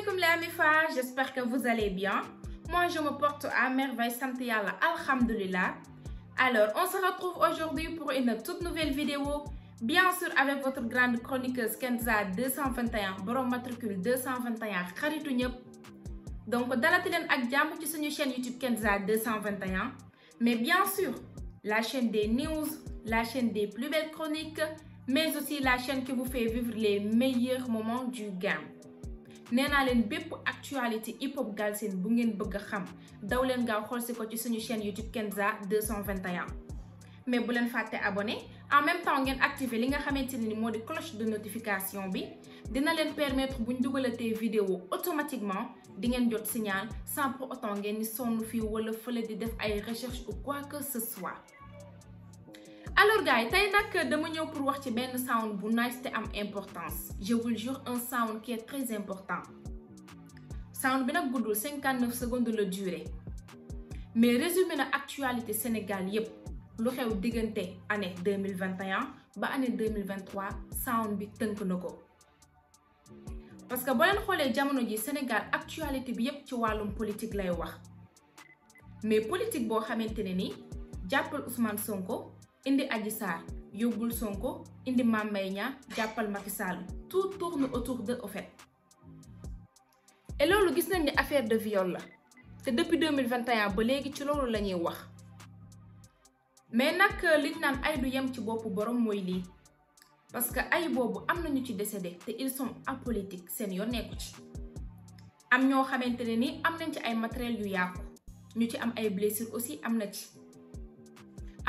alaikum les amis j'espère que vous allez bien. Moi, je me porte à merveille, santé alhamdulillah. Alors, on se retrouve aujourd'hui pour une toute nouvelle vidéo. Bien sûr, avec votre grande chroniqueuse Kenza 221, borom matricule 221, Donc, dans la télé, jamm ci une chaîne YouTube Kenza 221, mais bien sûr, la chaîne des news, la chaîne des plus belles chroniques, mais aussi la chaîne qui vous fait vivre les meilleurs moments du game. nee naa leen bépp actualité hip hop galsen bu ngeen bëgg a xam daw leen gaaw xool si ko ci suñu chaîne YouTube Kenza 221. mais bu leen fàtte abonné en même temps ngeen activer li nga xamante ne ni moo di cloche de notification bi dina leen permettre buñ dugalatee vidéo automatiquement di ngeen jot signal sans pour ngeen ni sonn fii wala fële di def ay recherche u quoi que ce soi alors gars yi tey nag dama ñëw pour wax ci benn sound bu nice te importance je vous jure un sound qui est très important sound bi nag 59 secondes de durée mais résumé l'actualité actualité Sénégal yépp lu xew 2021 et année 2023 sound bi tënk parce que vous avez xoolee que le Sénégal actualité bi yépp ci politique lay wax mais politique est xamante ne ni Ousmane Sonko. indi aji yogul yobul Sonko indi mamay nya jappal jàppal Macky tout tourne autour de au fait et lolu gis nañ ni affaire de viol la te depuis 2021 ba léegi ci lolu lañuy wax mais nak euh, liñ ay du yam ci bop borom moy li parce que ay bobu am nañu ci décédé te ils sont apolitiques sen yo nekku ci am ño xamanteni ni am nañ ci ay matériel yu yaako ñu ci am ay blessure aussi am na ci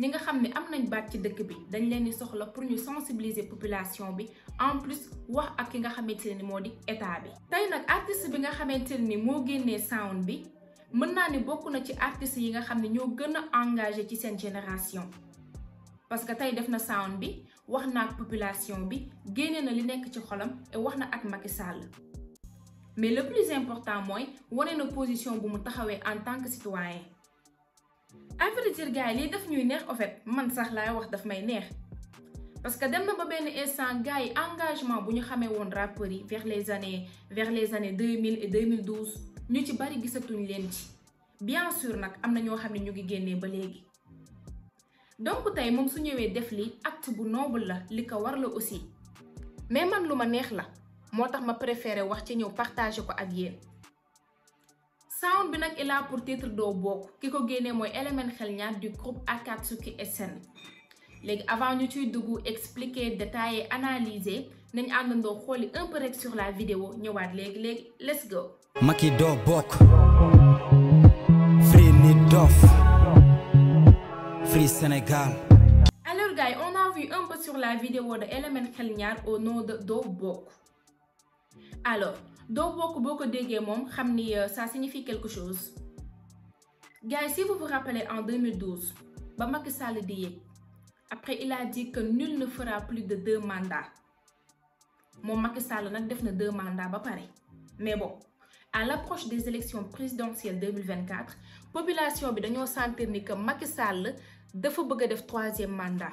ñi nga xam ne am nañ baat ci dëkk bi dañ leen di soxla pour ñu sensibiliser population bi en plus wax ak ki nga xamante ne moo di état bi. tey nag artiste bi nga xamante ni moo génnee sound bi mën naa ni bokk na ci artiste yi nga xam ne ñoo gën a engagé ci seen génération parce que tey def na sound bi wax naa ak population bi génne na li nekk ci xolam wax na ak Macky Sall mais le plus important mooy wane na position bu mu taxawee en tant que citoyen. à vrai gars lii daf ñuy neex en fait man sax laay wax daf may neex parce que dem na ba benn instant gars yi engagement bu ñu xamee woon rappeurs yi vers les années vers les années 2000 et 2012 ñu ci bari gisatuñu leen ci bien sûr nag am na ñoo xam ne ñu ngi génnee ba léegi. donc tey moom su ñëwee def li acte bu noobul la li ko war la aussi mais man lu ma neex la moo tax ma préféré wax ci ñëw partager ko ak yéen. sound bi nag il a pour titre doo bokk ki ko génnee mooy Element xel ñaar du groupe Akatsuki SN léegi avant ñu ciy dugg expliquer détailler analyser nañ àndandoo xooli un peu rek sur la vidéo ñëwaat léegi léegi let's go. Macky doo bokk Free nit dof Free Sénégal. alors gars on a vu un peu sur la vidéo de Element xel ñaar au nom doo bokk. alors donc beaucoup beaucoup de ça signifie quelque chose si vous vous rappelez en 2012 après il a dit que nul ne fera plus de deux mandats Mon Macky Sall fera deux mandats mais bon à l'approche des élections présidentielles 2024 la population a senti que Macky Sall dafa troisième mandat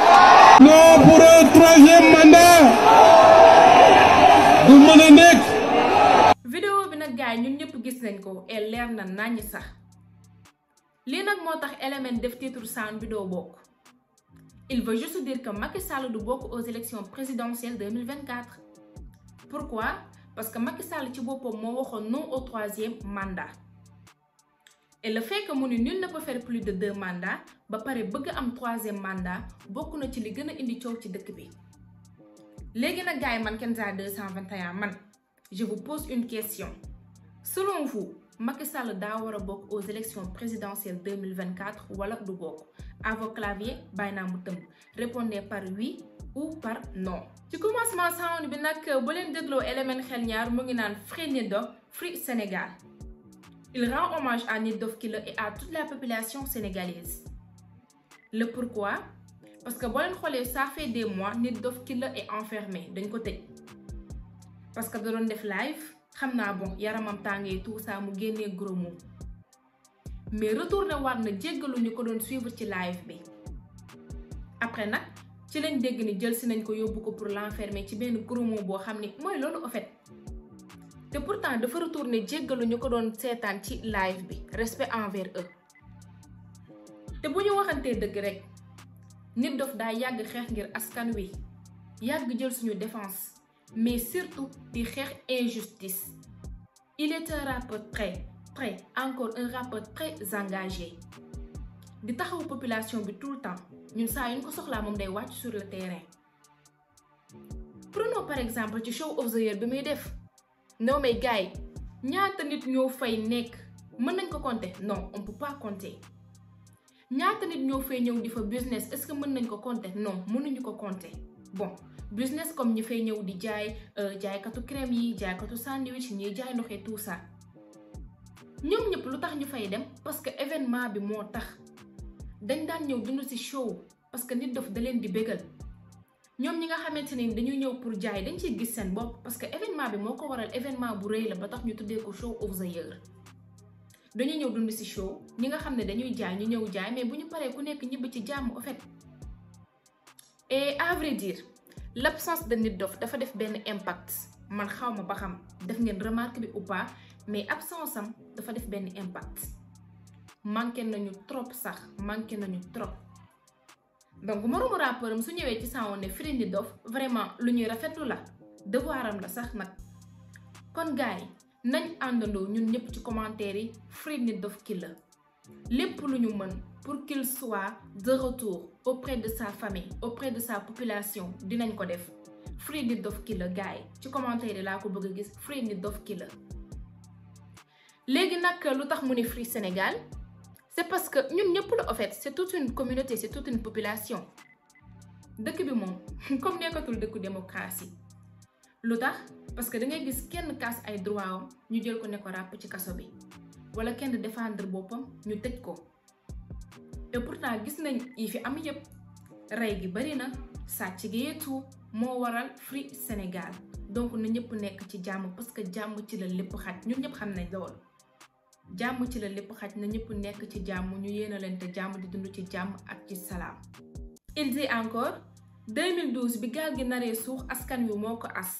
Non pour un troisième mandat du mën a vidéo bi nag gars yi ñun ñëpp gis nañ ko et leer na naññ sax lii nag moo tax LMN def titre saan bi doo bokk il veut juste dire que Macky Sall du bokk aux élections présidentielles 2024 pourquoi parce que Macky Sall ci boppam moo non au troisième mandat et le fait que nous nul ne peut faire plus de deux mandats ba pare bëgg am troisième mandat bokk na ci li gëna plus indi ciow ci dëkk bi légui nag gars man Kenza 221 man je vous pose une question selon vous Macky Sall da wara bok aux élections présidentielles 2024 wala du bokk à vos claviers bayna mu répondez par oui ou par non. ci commencement sound bi nak bo leen dégloo élément xel ñaar mo ngi naan freiné do Free Sénégal. Il rend hommage à et à toute la population sénégalaise. Le pourquoi Parce que ça fait des mois que est enfermé d'un côté. Parce que dans le live, je bon yaramam et tout ça mu gros mais war na suivre live après nag ci lañ dégg ni pour l'enfermer ci gros mot en fait te pourtant dafa retourner jéggalu ñu ko doon seetaan ci live bi respect envers eux te bu ñu waxantee dëgg rek nit dof daa yàgg xeex ngir askan wi yàgg jël suñu défense mais surtout di xeex injustice il est un rappeur très très encore un rappeur très engagé di taxaw population bi tout le temps ñun saa yu ñu ko soxlaa moom day wàcc sur le terrain prenons par exemple ci show of the year bi muy def non mais gars yi ñaata nit ñoo fay nekk mën nañ ko compter non on peut pas compter ñaata nit ñoo fay ñëw di fa business est-ce que mën nañ ko compter non mënuñu ko compter bon business comme ñi fay ñëw di jaay euh, jaaykatu crème yi jaaykatu sandwich ñiy jaay ndoxee tout ça ñoom ñëpp lu tax ñu fay dem parce que événement bi moo tax dañ daan ñëw dund ci show parce que nit dof da leen di bégal ñoom ñi nga xamante ni dañuy ñëw pour jaay dañ ciy gis seen bopp parce que événement bi moo ko waral événement bu rëy la ba tax ñu tuddee ko show of the year dañuy ñëw dund ci show ñi nga xam ne dañuy jaay ñu ñëw jaay mais bu ñu paree ku nekk ñibbi ci jàmm au fait et à vrai dire l' absence de Nit dof dafa def benn impact man xawma ba xam def ngeen remarque bi ou pas mais absence am dafa def benn impact manqué nañu trop sax manqué nañu trop donc moroomu rappeuram su ñëwé ci saawoon ne Firi Ndi Dof vraiment lu ñuy rafetlu la devoiram la sax nak kon gaay nañ andando ñun ñëpp ci commentaire yi Firi Killer. Dof ki la lépp lu ñu mën pour qu'il soit de retour auprès de sa famille auprès de sa population dinañ ko def Firi Ndi Dof ki la gars ci commentaire la ko bëgg gis Firi Ndi Dof ki la lu tax mu ni free Sénégal c'est parce que ñun ñëpp la en fait c'est toute une communauté c'est toute une population dëkk bi moom comme nekkatul dëkku démocratie lu tax parce que da ngay gis kenn kaas ay droit am ñu jël ko ne ko ràpp ci kaso bi wala kenn défendre boppam ñu tëj ko pourtant gis nañ yi fi am yëpp rey gi bari na sàcc gi yetu moo waral Free Sénégal donc na ñëpp nekk ci jàmm parce que jàmm ci la lépp xaj ñun ñëpp xam nañ loolu jàmm ci la lepp xaj na ñepp nekk ci jàmm ñu yéenalante jàmm di dund ci jàmm ak ci salam il dit encore 2012 bi gal gi naré suux askan wi moko as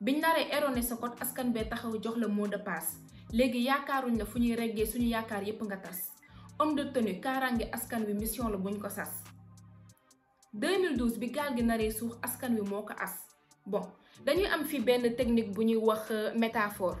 biñ naré erroné sa code askan bé taxaw jox le mot de passe légui yaakaaruñ la fuñuy réggé suñu yaakaar yépp nga tass homme de tenue karangé askan wi mission la buñ ko sass 2012 bi gal gi naré suux askan wi moko as bon dañuy am fi ben technique buñuy wax euh, métaphore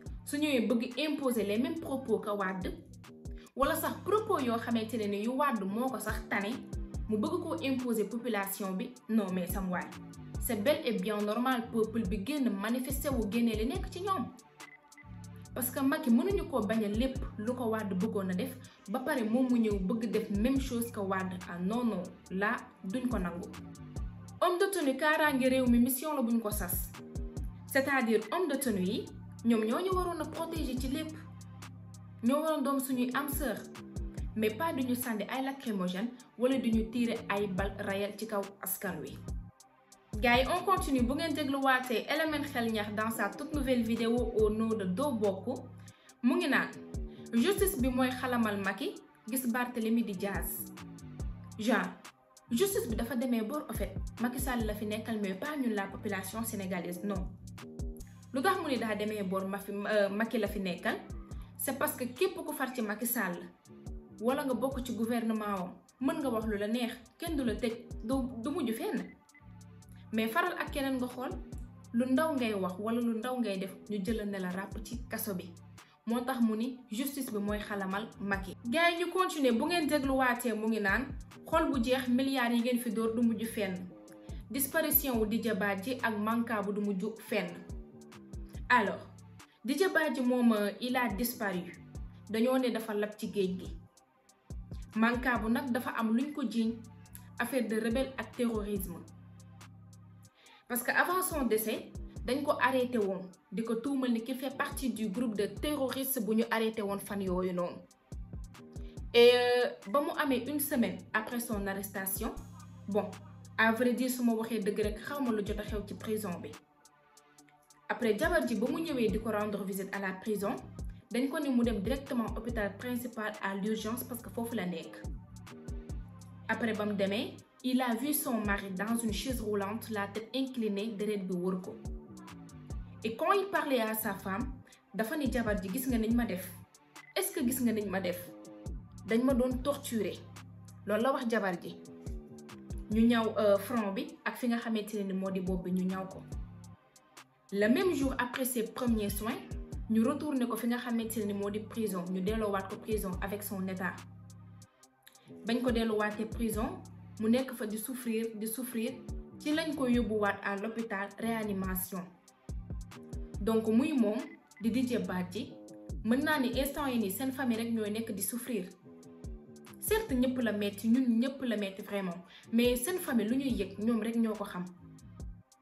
su ñëwee bëgg imposer les mêmes propos que Wade wala sax propos yoo xamante ne ni yu wàdd moo ko sax tane mu bëgg koo imposer population bi non mais sam waay c'est bel et bien normal peuple bi génn manifester wu génnee li nekk ci ñoom parce que Macky mënuñu koo bañ a lépp lu ko wàdd bëggoon a def ba pare moom mu ñëw bëgg def même chose que Wade ah non non là duñ ko nangu homme de tenue kaaraange réew mi mission la buñ ko sas c'est-à-dire homme de tenue Nous, ñoo protéger les lépp ñoo voulons suñuy am mais pas de nous ay lacrymogène wala duñu tirer ay bal rayel ci kaw askan wi. on continue bu ngeen waté Elimane xel dans sa toute nouvelle vidéo au nom de la vous mu ngi la justice bi moy xalamal Macky gis Barthélemy di jazz, Jean, justice bi dafa en fait Macky Sall la fi nekkal mais pas la population sénégalaise non. lu tax mu ni daa demee boor ma fi euh, Macky la fi nekkal c'est parce que képp ku far ci Macky Sall wala nga bokk ci gouvernement wam mën nga wax lu la neex kenn du la tëj du du mujj fenn mais faral ak keneen nga xool lu ndaw ngay wax wala lu ndaw ngay def ñu jëlal ne la ràpp ci kaso bi moo tax mu ni justice bi mooy xalamal Macky gars yi ñu continuer bu ngeen dégluwaatee mu ngi naan xool bu jeex milliards yi ngeen fi dóor du mujj fenn disparition wu Didier Badji ak Mancabou du mujj fenn alors Didier Badji moom euh, il a disparu dañoo ne dafa lab ci géej gi Mancabou nag dafa am luñ ko jiiñ affaire de rebelle ak terrorisme parce que avant son décès dañ ko arrêté woon di ko tuumal ni ki fait partie du groupe de terroristes bu ñu arrêté woon fan yooyu noonu et euh, ba mu amee une semaine après son arrestation bon à vrai dire su ma waxee dëgg rek xaw ma lu jot ci prison bi après jabar ji ba mu rendre visite à la prison il ko directement mu l'hôpital directement hôpital principal à l'urgence parce que foofu la nék. après ba mu il a vu son mari dans une chaise roulante la tête inclinée derrière bi wër ko et quand il parlait à sa femme dafa ne jabar ji gis nga niñ ma def est-ce que gis nga niñ ma def dañ ma doon torturer loolu la wax jabar ji ñu ñaw euh, front bi ak fi nga xamante ne ni moo ñu le même jour après ses premiers soins ñu retournons à fi nga xamante ne prison. Nous prison ñu delloowaat ko prison avec son état bañ ko delloowaatee prison mu avons fa di souffrir de souffrir ci lañ ko yóbbuwaat à l'hôpital réanimation donc muy avons di que Badji mën ni instant yi nii seen famille rek ñooy souffrir certes ñëpp la metti ñun ñëpp la metti vraiment mais cette famille lu ñuy yëg ñoom rek ñoo xam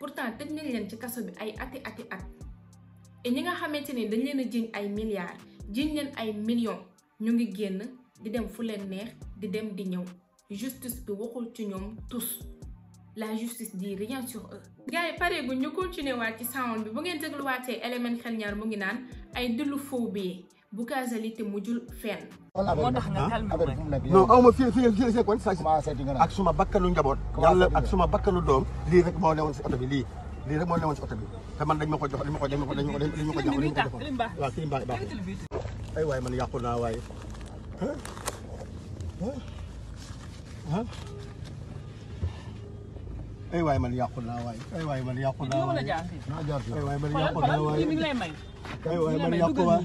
pourtant tëj nañ leen ci kaso bi ay ati ati at et ñi nga xamante ni dañ leen a jiiñ ay milliards jiiñ leen ay millions ñu ngi génn di dem fu leen neex di dem di ñëw justice bi waxul ci ñoom tous la justice dit rien sur eux. gars yi pare gu ñu continuer waat ci sound bi bu ngeen dégluwaatee Element Xel Ñaar mu ngi naan ay dullu faux billets Bougazelli te mujjul fenn. moo tax nga ah, calme non aw ma fii fii fii kon sax ak suma bakkanu njaboot. yàlla ak suma bakkanu doom. lii rek moo newoon si oto bi lii lii rek moo newoon si oto bi te man dañ ma ko jox dañ ma ko dañ ma ko dañ ma ko dañ ma ko jox dañ ma ko jox waaw kii mbaa baax ay waay man yàqu naa waaye. ay waay man yàqu naa waay ay waay man yàqu naa waay. ay waay man yàqu naa waay. ay waay man yàqu waay.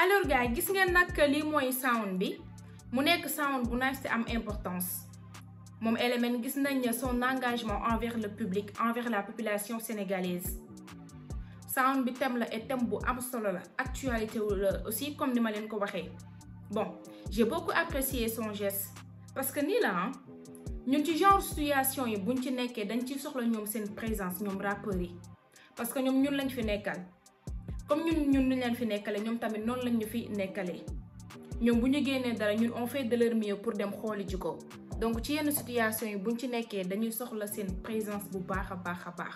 alors gars gis ngeen nag lii mooy sound bi mu nekk sound bu nice te am importance moom élément gis nañ son engagement envers le public envers la population sénégalaise sound bi est un et thème bu am solo actualité aussi comme je vous l'ai ko bon j'ai beaucoup apprécié son geste parce que ni la hein. ñun ci genre situation yi buñ ci nekkee dañ ci soxla présence nous rappeurs parce que nous ñun lañ fi comme ñun ñun ñu leen fi nekkale ñoom tamit noonu lañ ñu fi nekkalee ñoom bu ñu génnee dara ñun on fait de leur mieux pour dem xooli ci ko donc ci yenn situation yi buñ ci nekkee dañuy soxla seen présence bu baax a baax a baax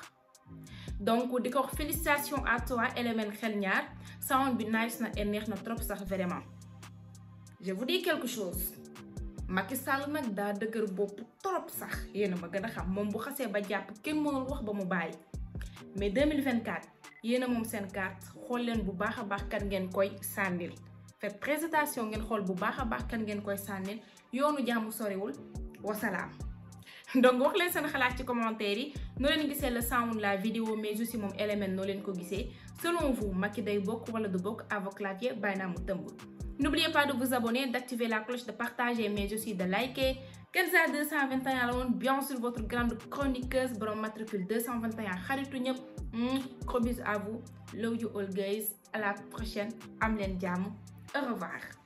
donc di ko wax félicitations à toi Elimane Xel Ñaar sound bi nice na et neex na trop sax vraiment je vous dis quelque chose Macky Sall nag daa dëgër bopp trop sax yéen a ma gën a xam moom bu xasee ba jàpp kenn mënul wax ba mu bàyyi mais 2024 yéen a moom seen carte xool leen bu baax a baax kat ngeen koy sànnil fait présentation ngeen xool bu baax a baax kan ngeen koy sànnil yoonu jàmm soriwul wasalaam donc wax leen seen xalaat ci commentaire yi noo leen gisee le sound la vidéo mais aussi moom élément noo leen ko gisee selon vous i day bokk wala du bokk avocat bàyyi naa mu tëmbul N'oubliez pas de vous abonner, d'activer la cloche, de partager, mais aussi de liker. Kenza 221 à bien sûr votre grande chroniqueuse borom matricule 221 xaritu ñëpp hmm, gros bisous à vous love you all guys à la prochaine am leen au revoir.